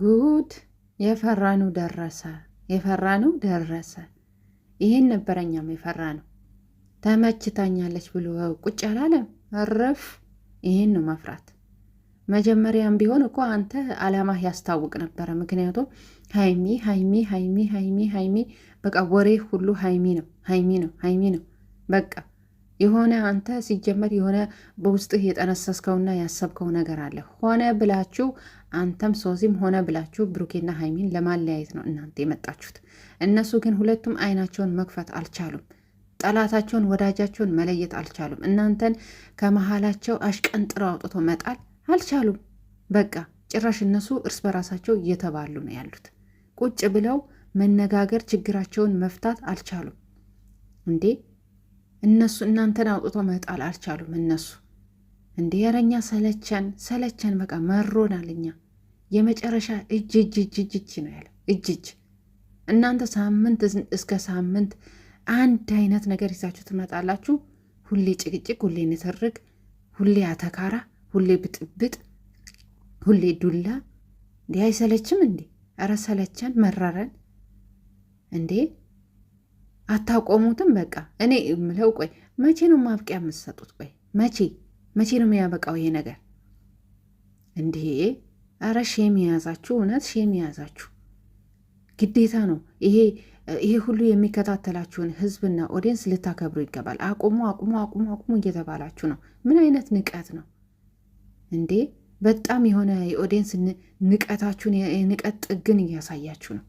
ጉድ! የፈራኑ ደረሰ፣ የፈራኑ ደረሰ። ይህን ነበረ የፈራ ነው። ተመችታኛለች ብሎ ቁጭ አላለም። እረፍ! ይህን ነው መፍራት። መጀመሪያም ቢሆን እኮ አንተ አላማህ ያስታውቅ ነበረ። ምክንያቱም ሀይሚ ሀይሚ ሀይሚ ሀይሚ ሀይሚ በቃ ወሬ ሁሉ ሀይሚ ነው ሀይሚ ነው ሀይሚ ነው በቃ የሆነ አንተ ሲጀመር የሆነ በውስጥህ የጠነሰስከውና ያሰብከው ነገር አለ። ሆነ ብላችሁ አንተም ሶሲም ሆነ ብላችሁ ብሩኬና ሀይሚን ለማለያየት ነው እናንተ የመጣችሁት። እነሱ ግን ሁለቱም አይናቸውን መክፈት አልቻሉም። ጠላታቸውን ወዳጃቸውን መለየት አልቻሉም። እናንተን ከመሀላቸው አሽቀንጥረው አውጥቶ መጣል አልቻሉም። በቃ ጭራሽ እነሱ እርስ በራሳቸው እየተባሉ ነው ያሉት። ቁጭ ብለው መነጋገር ችግራቸውን መፍታት አልቻሉም እንዴ እነሱ እናንተን አውጥቶ መጣል አልቻሉም። እነሱ እንደ የረኛ ሰለቸን ሰለቸን፣ በቃ መሮናል። እኛ የመጨረሻ እጅ እጅ እጅ እጅ ነው ያለው እጅ እጅ። እናንተ ሳምንት እስከ ሳምንት አንድ አይነት ነገር ይዛችሁ ትመጣላችሁ። ሁሌ ጭቅጭቅ፣ ሁሌ ንትርግ ሁሌ አተካራ፣ ሁሌ ብጥብጥ፣ ሁሌ ዱላ። እንዲህ አይሰለችም እንዴ? ኧረ ሰለቸን መረረን እንዴ አታቆሙትም። በቃ እኔ ምለው ቆይ መቼ ነው ማብቂያ የምትሰጡት? ቆይ መቼ መቼ ነው የሚያበቃው ይሄ ነገር እንዲህ አረ ሼም የያዛችሁ እውነት ሼም የያዛችሁ ግዴታ ነው ይሄ ይሄ ሁሉ የሚከታተላችሁን ህዝብና ኦዲየንስ ልታከብሩ ይገባል። አቁሙ አቁሙ አቁሙ አቁሙ እየተባላችሁ ነው። ምን አይነት ንቀት ነው እንዴ? በጣም የሆነ የኦዲየንስ ንቀታችሁን የንቀት ጥግን እያሳያችሁ ነው።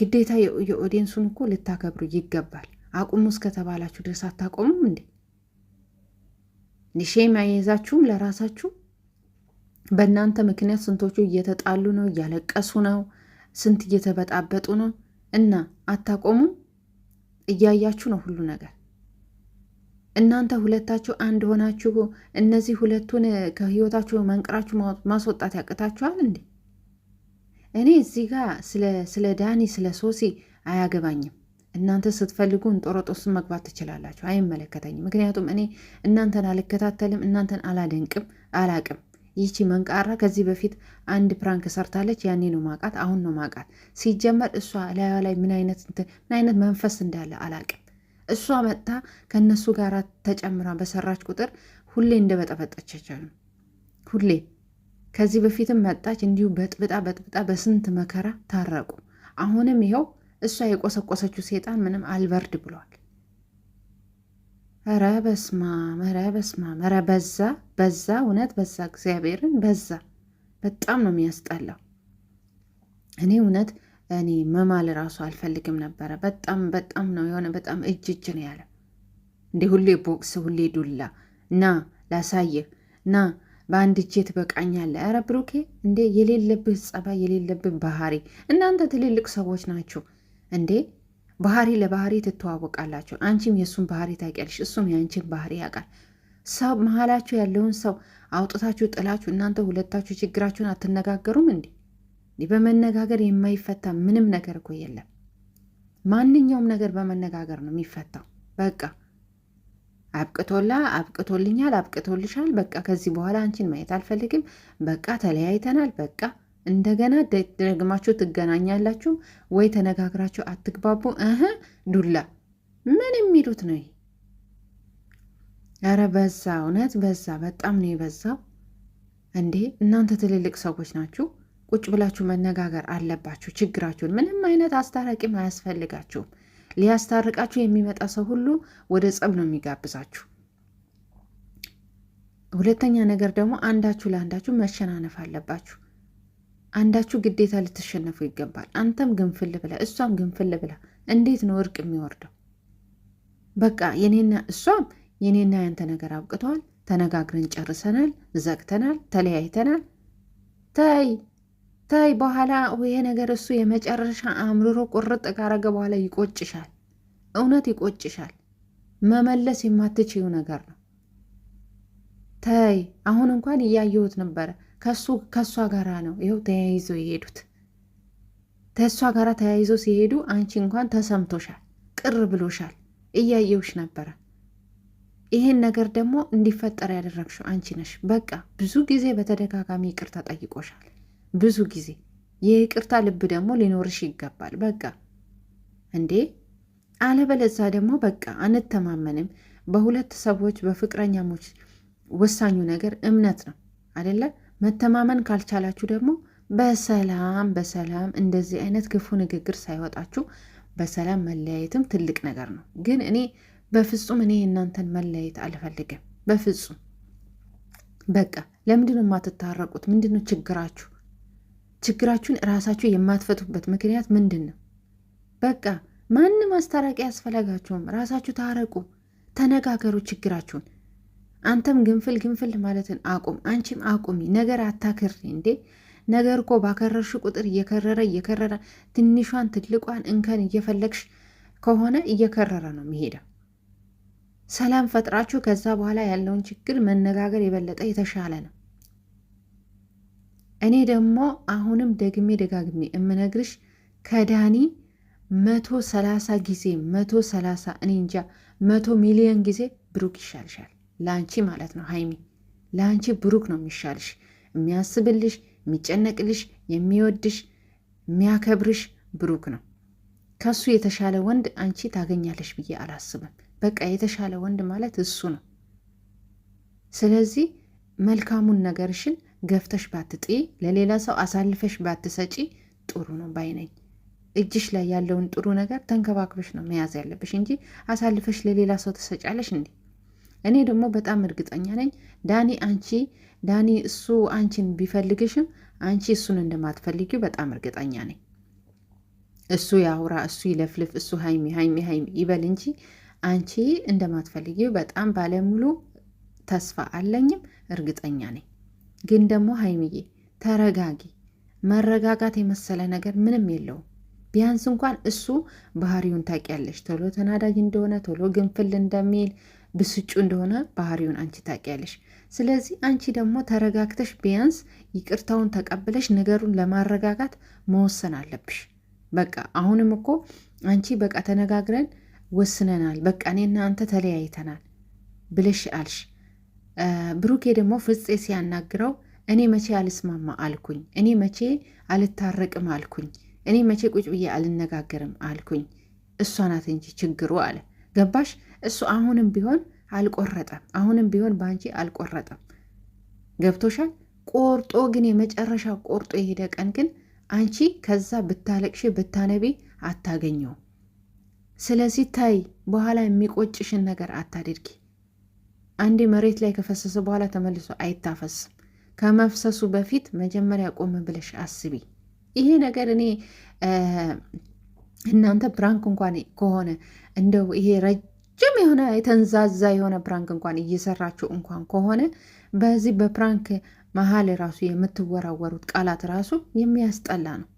ግዴታ የኦዲየንሱን እኮ ልታከብሩ ይገባል። አቁሙ እስከተባላችሁ ድረስ አታቆሙም እንዴ? ሼም አይይዛችሁም ለራሳችሁ? በእናንተ ምክንያት ስንቶቹ እየተጣሉ ነው፣ እያለቀሱ ነው፣ ስንት እየተበጣበጡ ነው። እና አታቆሙም። እያያችሁ ነው ሁሉ ነገር። እናንተ ሁለታችሁ አንድ ሆናችሁ እነዚህ ሁለቱን ከህይወታችሁ መንቅራችሁ ማስወጣት ያቅታችኋል እንዴ? እኔ እዚህ ጋር ስለ ዳኒ ስለ ሶሲ አያገባኝም። እናንተ ስትፈልጉ እንጦሮጦስን መግባት ትችላላችሁ፣ አይመለከተኝም። ምክንያቱም እኔ እናንተን አልከታተልም፣ እናንተን አላደንቅም፣ አላቅም። ይቺ መንቃራ ከዚህ በፊት አንድ ፕራንክ ሰርታለች። ያኔ ነው ማቃት፣ አሁን ነው ማቃት። ሲጀመር እሷ ላዩ ላይ ምን አይነት መንፈስ እንዳለ አላቅም። እሷ መጥታ ከእነሱ ጋር ተጨምራ በሰራች ቁጥር ሁሌ እንደበጠበጠች ሁሌ ከዚህ በፊትም መጣች እንዲሁ በጥብጣ በጥብጣ በስንት መከራ ታረቁ። አሁንም ይኸው እሷ የቆሰቆሰችው ሴጣን ምንም አልበርድ ብሏል። ኧረ በስመ አብ ኧረ በስመ ኧረ በዛ በዛ፣ እውነት በዛ፣ እግዚአብሔርን በዛ። በጣም ነው የሚያስጠላው። እኔ እውነት እኔ መማል ራሱ አልፈልግም ነበረ። በጣም በጣም ነው የሆነ በጣም እጅ እጅ ነው ያለ እንዲህ ሁሌ ቦክስ፣ ሁሌ ዱላ፣ ና ላሳየህ፣ ና በአንድ እጄ ትበቃኛለ። ኧረ ብሩኬ እንዴ የሌለብህ ጸባይ፣ የሌለብህ ባህሪ። እናንተ ትልልቅ ሰዎች ናችሁ እንዴ ባህሪ ለባህሪ ትተዋወቃላችሁ። አንቺም የእሱን ባህሪ ታውቂያለሽ፣ እሱም የአንቺን ባህሪ ያውቃል። ሰው መሀላችሁ ያለውን ሰው አውጥታችሁ ጥላችሁ እናንተ ሁለታችሁ ችግራችሁን አትነጋገሩም እንዴ? በመነጋገር የማይፈታ ምንም ነገር እኮ የለም። ማንኛውም ነገር በመነጋገር ነው የሚፈታው። በቃ አብቅቶላ አብቅቶልኛል፣ አብቅቶልሻል፣ በቃ ከዚህ በኋላ አንቺን ማየት አልፈልግም፣ በቃ ተለያይተናል፣ በቃ እንደገና ደግማችሁ ትገናኛላችሁ ወይ ተነጋግራችሁ አትግባቡ፣ እህ ዱላ ምን የሚሉት ነው? ኧረ በዛ፣ እውነት በዛ፣ በጣም ነው የበዛው። እንዴ እናንተ ትልልቅ ሰዎች ናችሁ። ቁጭ ብላችሁ መነጋገር አለባችሁ ችግራችሁን። ምንም አይነት አስታራቂም አያስፈልጋችሁም። ሊያስታርቃችሁ የሚመጣ ሰው ሁሉ ወደ ጸብ ነው የሚጋብዛችሁ። ሁለተኛ ነገር ደግሞ አንዳችሁ ለአንዳችሁ መሸናነፍ አለባችሁ። አንዳችሁ ግዴታ ልትሸነፉ ይገባል። አንተም ግንፍል ብላ፣ እሷም ግንፍል ብላ፣ እንዴት ነው እርቅ የሚወርደው? በቃ የኔና እሷም የኔና ያንተ ነገር አብቅተዋል፣ ተነጋግረን ጨርሰናል፣ ዘግተናል፣ ተለያይተናል። ተይ ተይ በኋላ ይሄ ነገር እሱ የመጨረሻ አምርሮ ቁርጥ ካረገ በኋላ ይቆጭሻል። እውነት ይቆጭሻል። መመለስ የማትችይው ነገር ነው። ተይ አሁን እንኳን እያየሁት ነበረ። ከሱ ከእሷ ጋራ ነው ይኸው ተያይዘው የሄዱት። ከእሷ ጋራ ተያይዘው ሲሄዱ አንቺ እንኳን ተሰምቶሻል፣ ቅር ብሎሻል። እያየውሽ ነበረ። ይህን ነገር ደግሞ እንዲፈጠር ያደረግሽው አንቺ ነሽ። በቃ ብዙ ጊዜ በተደጋጋሚ ይቅርታ ጠይቆሻል። ብዙ ጊዜ የይቅርታ ልብ ደግሞ ሊኖርሽ ይገባል። በቃ እንዴ! አለበለዛ ደግሞ በቃ አንተማመንም። በሁለት ሰዎች በፍቅረኛሞች ወሳኙ ነገር እምነት ነው አደለ? መተማመን ካልቻላችሁ ደግሞ በሰላም በሰላም እንደዚህ አይነት ክፉ ንግግር ሳይወጣችሁ በሰላም መለያየትም ትልቅ ነገር ነው። ግን እኔ በፍጹም እኔ እናንተን መለያየት አልፈልግም። በፍጹም በቃ ለምንድነው የማትታረቁት? ምንድነው ችግራችሁ? ችግራችሁን ራሳችሁ የማትፈቱበት ምክንያት ምንድን ነው? በቃ ማንም አስታራቂ ያስፈለጋችሁም፣ ራሳችሁ ታረቁ፣ ተነጋገሩ ችግራችሁን። አንተም ግንፍል ግንፍል ማለትን አቁም፣ አንቺም አቁሚ። ነገር አታክሪ እንዴ! ነገር እኮ ባከረርሽ ቁጥር እየከረረ እየከረረ ትንሿን ትልቋን እንከን እየፈለግሽ ከሆነ እየከረረ ነው የሚሄደው። ሰላም ፈጥራችሁ ከዛ በኋላ ያለውን ችግር መነጋገር የበለጠ የተሻለ ነው። እኔ ደግሞ አሁንም ደግሜ ደጋግሜ የምነግርሽ ከዳኒ መቶ ሰላሳ ጊዜ መቶ ሰላሳ እኔ እንጃ መቶ ሚሊዮን ጊዜ ብሩክ ይሻልሻል። ለአንቺ ማለት ነው ሀይሚ፣ ለአንቺ ብሩክ ነው የሚሻልሽ። የሚያስብልሽ፣ የሚጨነቅልሽ፣ የሚወድሽ፣ የሚያከብርሽ ብሩክ ነው። ከሱ የተሻለ ወንድ አንቺ ታገኛለሽ ብዬ አላስብም። በቃ የተሻለ ወንድ ማለት እሱ ነው። ስለዚህ መልካሙን ነገርሽን ገፍተሽ ባትጥ ለሌላ ሰው አሳልፈሽ ባትሰጪ ጥሩ ነው ባይነኝ። እጅሽ ላይ ያለውን ጥሩ ነገር ተንከባክበሽ ነው መያዝ ያለብሽ እንጂ አሳልፈሽ ለሌላ ሰው ትሰጫለሽ እንዴ? እኔ ደግሞ በጣም እርግጠኛ ነኝ ዳኒ አንቺ ዳኒ እሱ አንቺን ቢፈልግሽም አንቺ እሱን እንደማትፈልጊው በጣም እርግጠኛ ነኝ። እሱ ያውራ፣ እሱ ይለፍልፍ፣ እሱ ሀይሚ ሀይሚ ሀይሚ ይበል እንጂ አንቺ እንደማትፈልጊው በጣም ባለሙሉ ተስፋ አለኝም እርግጠኛ ነኝ። ግን ደግሞ ሀይሚዬ ተረጋጊ። መረጋጋት የመሰለ ነገር ምንም የለውም። ቢያንስ እንኳን እሱ ባህሪውን ታውቂያለሽ። ቶሎ ተናዳጅ እንደሆነ፣ ቶሎ ግንፍል እንደሚል፣ ብስጩ እንደሆነ ባህሪውን አንቺ ታውቂያለሽ። ስለዚህ አንቺ ደግሞ ተረጋግተሽ ቢያንስ ይቅርታውን ተቀብለሽ ነገሩን ለማረጋጋት መወሰን አለብሽ። በቃ አሁንም እኮ አንቺ በቃ ተነጋግረን ወስነናል፣ በቃ እኔና አንተ ተለያይተናል ብለሽ አልሽ ብሩኬ ደግሞ ፍፄ ሲያናግረው እኔ መቼ አልስማማ አልኩኝ፣ እኔ መቼ አልታረቅም አልኩኝ፣ እኔ መቼ ቁጭ ብዬ አልነጋገርም አልኩኝ። እሷ ናት እንጂ ችግሩ አለ። ገባሽ? እሱ አሁንም ቢሆን አልቆረጠም፣ አሁንም ቢሆን በአንቺ አልቆረጠም። ገብቶሻል? ቆርጦ ግን የመጨረሻ ቆርጦ የሄደ ቀን ግን አንቺ ከዛ ብታለቅሽ ብታነቢ አታገኘው ስለዚህ ታይ፣ በኋላ የሚቆጭሽን ነገር አታድርጊ። አንዴ መሬት ላይ ከፈሰሰ በኋላ ተመልሶ አይታፈስም። ከመፍሰሱ በፊት መጀመሪያ ቆም ብለሽ አስቢ። ይሄ ነገር እኔ እናንተ ፕራንክ እንኳን ከሆነ እንደው ይሄ ረጅም የሆነ የተንዛዛ የሆነ ፕራንክ እንኳን እየሰራችሁ እንኳን ከሆነ በዚህ በፕራንክ መሀል ራሱ የምትወራወሩት ቃላት ራሱ የሚያስጠላ ነው።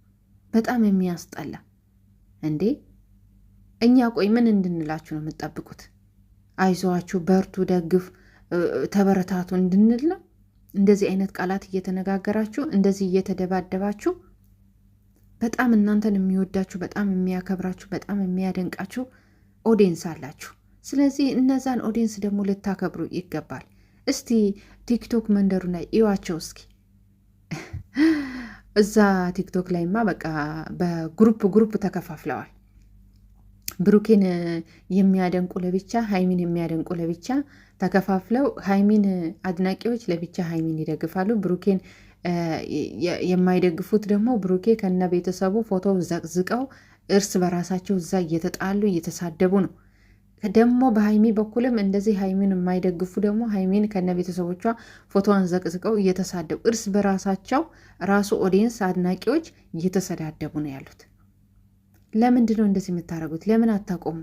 በጣም የሚያስጠላ እንዴ! እኛ ቆይ ምን እንድንላችሁ ነው የምትጠብቁት? አይዞዋችሁ በርቱ፣ ደግፍ፣ ተበረታቱ እንድንል ነው። እንደዚህ አይነት ቃላት እየተነጋገራችሁ እንደዚህ እየተደባደባችሁ በጣም እናንተን የሚወዳችሁ በጣም የሚያከብራችሁ በጣም የሚያደንቃችሁ ኦዲየንስ አላችሁ። ስለዚህ እነዛን ኦዲየንስ ደግሞ ልታከብሩ ይገባል። እስቲ ቲክቶክ መንደሩ ላይ እዩዋቸው እስኪ። እዛ ቲክቶክ ላይማ በቃ በግሩፕ ግሩፕ ተከፋፍለዋል። ብሩኬን የሚያደንቁ ለብቻ፣ ሀይሚን የሚያደንቁ ለብቻ ተከፋፍለው ሀይሚን አድናቂዎች ለብቻ ሀይሚን ይደግፋሉ። ብሩኬን የማይደግፉት ደግሞ ብሩኬ ከነ ቤተሰቡ ፎቶ ዘቅዝቀው እርስ በራሳቸው እዛ እየተጣሉ እየተሳደቡ ነው። ደግሞ በሀይሚ በኩልም እንደዚህ ሀይሚን የማይደግፉ ደግሞ ሀይሚን ከነ ቤተሰቦቿ ፎቶዋን ዘቅዝቀው እየተሳደቡ እርስ በራሳቸው ራሱ ኦዲየንስ አድናቂዎች እየተሰዳደቡ ነው ያሉት። ለምንድን ነው እንደዚህ የምታደርጉት? ለምን አታቆሙ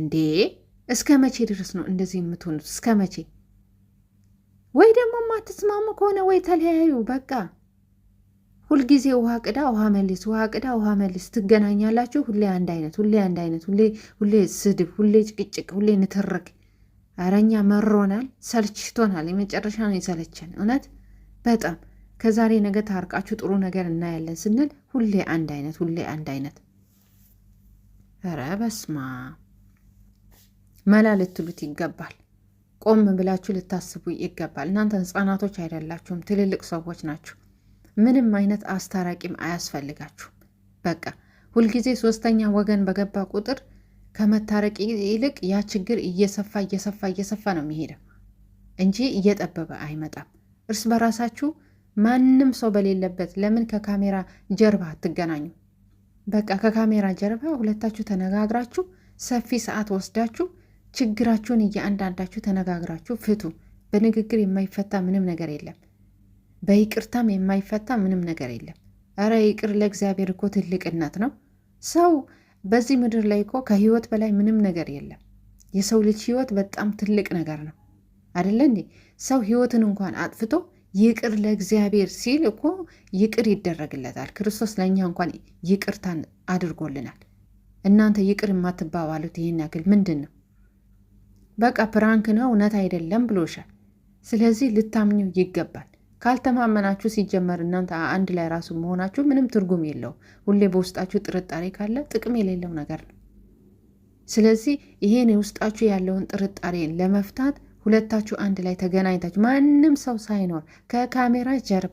እንዴ? እስከ መቼ ድረስ ነው እንደዚህ የምትሆኑት? እስከ መቼ? ወይ ደግሞ ማትስማሙ ከሆነ ወይ ተለያዩ፣ በቃ ሁልጊዜ ውሃ ቅዳ ውሃ መልስ፣ ውሃ ቅዳ ውሃ መልስ ትገናኛላችሁ። ሁሌ አንድ አይነት፣ ሁሌ አንድ አይነት፣ ሁሌ ስድብ፣ ሁሌ ጭቅጭቅ፣ ሁሌ ንትርክ። ኧረ እኛ መሮናል፣ ሰልችቶናል። የመጨረሻ ነው የሰለቸን እውነት በጣም ከዛሬ ነገ ታርቃችሁ ጥሩ ነገር እናያለን ስንል ሁሌ አንድ አይነት ሁሌ አንድ አይነት ኧረ በስማ መላ ልትሉት ይገባል። ቆም ብላችሁ ልታስቡ ይገባል። እናንተ ህፃናቶች አይደላችሁም፣ ትልልቅ ሰዎች ናችሁ። ምንም አይነት አስታራቂም አያስፈልጋችሁም። በቃ ሁልጊዜ ሶስተኛ ወገን በገባ ቁጥር ከመታረቂ ይልቅ ያ ችግር እየሰፋ እየሰፋ እየሰፋ ነው የሚሄደው እንጂ እየጠበበ አይመጣም። እርስ በራሳችሁ ማንም ሰው በሌለበት ለምን ከካሜራ ጀርባ አትገናኙ? በቃ ከካሜራ ጀርባ ሁለታችሁ ተነጋግራችሁ ሰፊ ሰዓት ወስዳችሁ ችግራችሁን እያንዳንዳችሁ ተነጋግራችሁ ፍቱ። በንግግር የማይፈታ ምንም ነገር የለም። በይቅርታም የማይፈታ ምንም ነገር የለም። እረ ይቅር ለእግዚአብሔር እኮ ትልቅነት ነው። ሰው በዚህ ምድር ላይ እኮ ከህይወት በላይ ምንም ነገር የለም። የሰው ልጅ ህይወት በጣም ትልቅ ነገር ነው። አደለ እንዴ? ሰው ህይወትን እንኳን አጥፍቶ ይቅር ለእግዚአብሔር ሲል እኮ ይቅር ይደረግለታል። ክርስቶስ ለእኛ እንኳን ይቅርታን አድርጎልናል። እናንተ ይቅር የማትባባሉት ይህን ያክል ምንድን ነው? በቃ ፕራንክ ነው እውነት አይደለም ብሎሻል። ስለዚህ ልታምኘው ይገባል። ካልተማመናችሁ ሲጀመር እናንተ አንድ ላይ ራሱ መሆናችሁ ምንም ትርጉም የለውም። ሁሌ በውስጣችሁ ጥርጣሬ ካለ ጥቅም የሌለው ነገር ነው። ስለዚህ ይሄን የውስጣችሁ ያለውን ጥርጣሬን ለመፍታት ሁለታችሁ አንድ ላይ ተገናኝታችሁ ማንም ሰው ሳይኖር ከካሜራ ጀርባ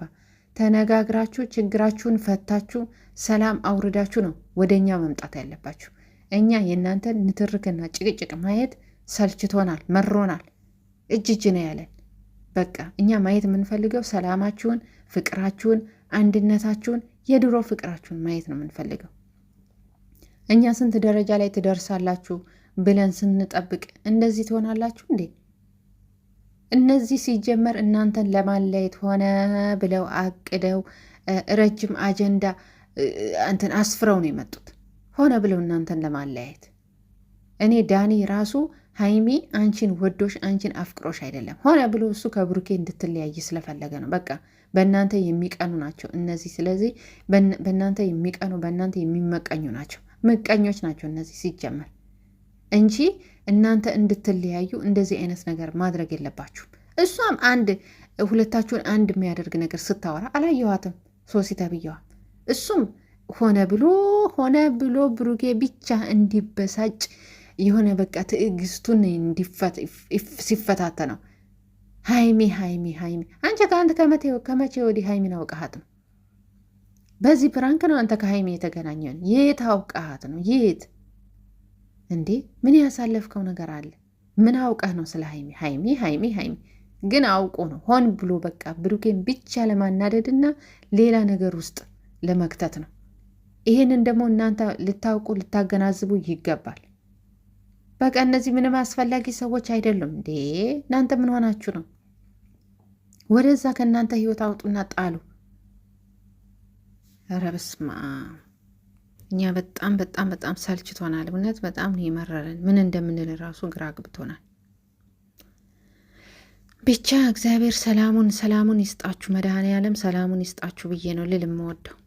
ተነጋግራችሁ ችግራችሁን ፈታችሁ ሰላም አውርዳችሁ ነው ወደ እኛ መምጣት ያለባችሁ። እኛ የእናንተን ንትርክና ጭቅጭቅ ማየት ሰልችቶናል፣ መሮናል፣ እጅ እጅ ነው ያለን። በቃ እኛ ማየት የምንፈልገው ሰላማችሁን፣ ፍቅራችሁን፣ አንድነታችሁን፣ የድሮ ፍቅራችሁን ማየት ነው የምንፈልገው። እኛ ስንት ደረጃ ላይ ትደርሳላችሁ ብለን ስንጠብቅ እንደዚህ ትሆናላችሁ እንዴ? እነዚህ ሲጀመር እናንተን ለማለየት ሆነ ብለው አቅደው ረጅም አጀንዳ እንትን አስፍረው ነው የመጡት። ሆነ ብለው እናንተን ለማለያየት። እኔ ዳኒ ራሱ ሀይሚ አንቺን ወዶሽ አንቺን አፍቅሮሽ አይደለም፣ ሆነ ብሎ እሱ ከብሩኬ እንድትለያይ ስለፈለገ ነው። በቃ በእናንተ የሚቀኑ ናቸው እነዚህ። ስለዚህ በእናንተ የሚቀኑ በእናንተ የሚመቀኙ ናቸው፣ ምቀኞች ናቸው እነዚህ ሲጀመር እንጂ እናንተ እንድትለያዩ እንደዚህ አይነት ነገር ማድረግ የለባችሁም። እሷም አንድ ሁለታችሁን አንድ የሚያደርግ ነገር ስታወራ አላየኋትም ሶሲ ተብዬዋ። እሱም ሆነ ብሎ ሆነ ብሎ ብሩጌ ብቻ እንዲበሳጭ የሆነ በቃ ትዕግስቱን ሲፈታተ ነው። ሀይሚ ሀይሚ ሀይሚ አንቺ ከአንድ ከመቼ ወዲህ ሀይሚን አውቃሃት ነው? በዚህ ፕራንክ ነው አንተ ከሀይሚ የተገናኘን? የት አውቃሃት ነው? የት እንዴ ምን ያሳለፍከው ነገር አለ? ምን አውቀህ ነው ስለ ሀይሚ ሀይሚ ሀይሚ ሀይሚ? ግን አውቆ ነው ሆን ብሎ በቃ ብሩኬን ብቻ ለማናደድና ሌላ ነገር ውስጥ ለመክተት ነው። ይሄንን ደግሞ እናንተ ልታውቁ ልታገናዝቡ ይገባል። በቃ እነዚህ ምንም አስፈላጊ ሰዎች አይደሉም እንዴ! እናንተ ምን ሆናችሁ ነው? ወደዛ ከእናንተ ህይወት አውጡና ጣሉ። ኧረ በስመ አብ እኛ በጣም በጣም በጣም ሰልችቶናል። እውነት በጣም ነው የመረረን። ምን እንደምንል ራሱ ግራ ግብቶናል። ብቻ እግዚአብሔር ሰላሙን ሰላሙን ይስጣችሁ፣ መድኃኔ ዓለም ሰላሙን ይስጣችሁ ብዬ ነው ልል የምወደው።